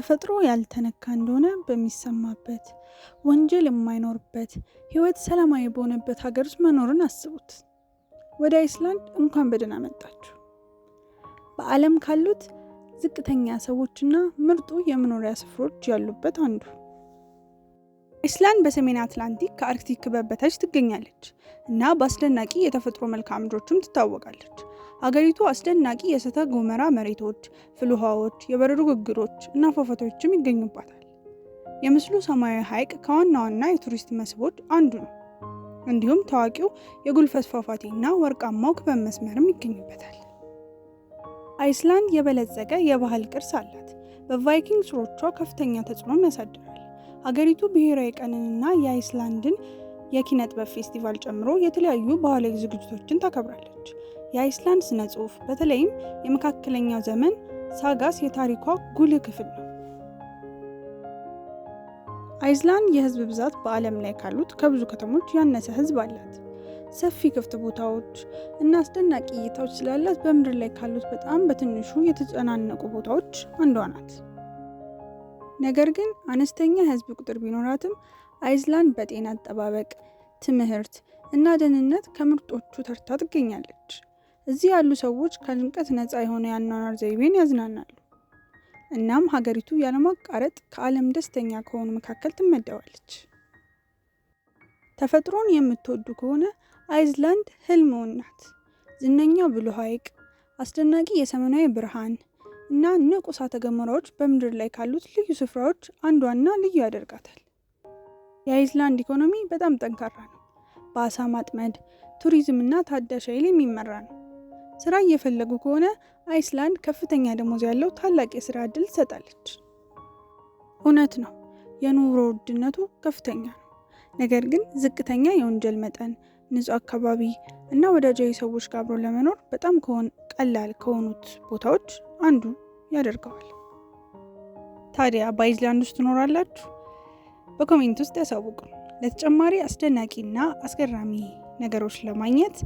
ተፈጥሮ ያልተነካ እንደሆነ በሚሰማበት ወንጀል የማይኖርበት ህይወት ሰላማዊ በሆነበት ሀገር ውስጥ መኖርን አስቡት። ወደ አይስላንድ እንኳን በደህና መጣችሁ። በዓለም ካሉት ዝቅተኛ ሰዎችና ምርጡ የመኖሪያ ስፍሮች ያሉበት አንዱ አይስላንድ በሰሜን አትላንቲክ ከአርክቲክ ክበብ በታች ትገኛለች እና በአስደናቂ የተፈጥሮ መልክዓ ምድሮችም ትታወቃለች። አገሪቱ አስደናቂ የእሳተ ገሞራ መሬቶች፣ ውሃዎች፣ የበረዶ ግግሮች እና ፏፏቴዎችም ይገኙባታል። የምስሉ ሰማያዊ ሐይቅ ከዋና ዋና የቱሪስት መስህቦች አንዱ ነው። እንዲሁም ታዋቂው የጉልፈት ፏፏቴ እና ወርቃማው ክበብ መስመርም ይገኙበታል። አይስላንድ የበለጸገ የባህል ቅርስ አላት። በቫይኪንግ ስሮቿ ከፍተኛ ተጽዕኖም ያሳድራል። ሀገሪቱ ብሔራዊ ቀንንና የአይስላንድን የኪነ ጥበብ ፌስቲቫል ጨምሮ የተለያዩ ባህላዊ ዝግጅቶችን ታከብራለች። የአይስላንድ ስነ ጽሁፍ በተለይም የመካከለኛው ዘመን ሳጋስ የታሪኳ ጉልህ ክፍል ነው። አይስላንድ የህዝብ ብዛት በዓለም ላይ ካሉት ከብዙ ከተሞች ያነሰ ህዝብ አላት። ሰፊ ክፍት ቦታዎች እና አስደናቂ እይታዎች ስላላት በምድር ላይ ካሉት በጣም በትንሹ የተጨናነቁ ቦታዎች አንዷ ናት። ነገር ግን አነስተኛ ህዝብ ቁጥር ቢኖራትም አይስላንድ በጤና አጠባበቅ፣ ትምህርት እና ደህንነት ከምርጦቹ ተርታ ትገኛለች። እዚህ ያሉ ሰዎች ከጭንቀት ነፃ የሆነ የአኗኗር ዘይቤን ያዝናናሉ። እናም ሀገሪቱ ያለማቋረጥ ከዓለም ደስተኛ ከሆኑ መካከል ትመደባለች። ተፈጥሮን የምትወዱ ከሆነ አይዝላንድ ህልምዎን ናት። ዝነኛ ብሉ ሐይቅ፣ አስደናቂ የሰማያዊ ብርሃን እና ንቁ እሳተ ገሞራዎች በምድር ላይ ካሉት ልዩ ስፍራዎች አንዷና ልዩ ያደርጋታል። የአይዝላንድ ኢኮኖሚ በጣም ጠንካራ ነው። በአሳ ማጥመድ፣ ቱሪዝም እና ታዳሽ ኃይል የሚመራ ነው። ስራ እየፈለጉ ከሆነ አይስላንድ ከፍተኛ ደሞዝ ያለው ታላቅ የስራ ዕድል ትሰጣለች። እውነት ነው፣ የኑሮ ውድነቱ ከፍተኛ ነው። ነገር ግን ዝቅተኛ የወንጀል መጠን፣ ንጹህ አካባቢ እና ወዳጃዊ ሰዎች ጋር አብሮ ለመኖር በጣም ቀላል ከሆኑት ቦታዎች አንዱ ያደርገዋል። ታዲያ በአይስላንድ ውስጥ ትኖራላችሁ? በኮሜንት ውስጥ ያሳውቁ። ለተጨማሪ አስደናቂ እና አስገራሚ ነገሮች ለማግኘት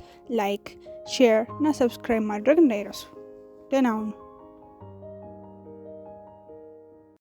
ላይክ፣ ሼር እና ሰብስክራይብ ማድረግ እንዳይረሱ። ደህና ሁኑ።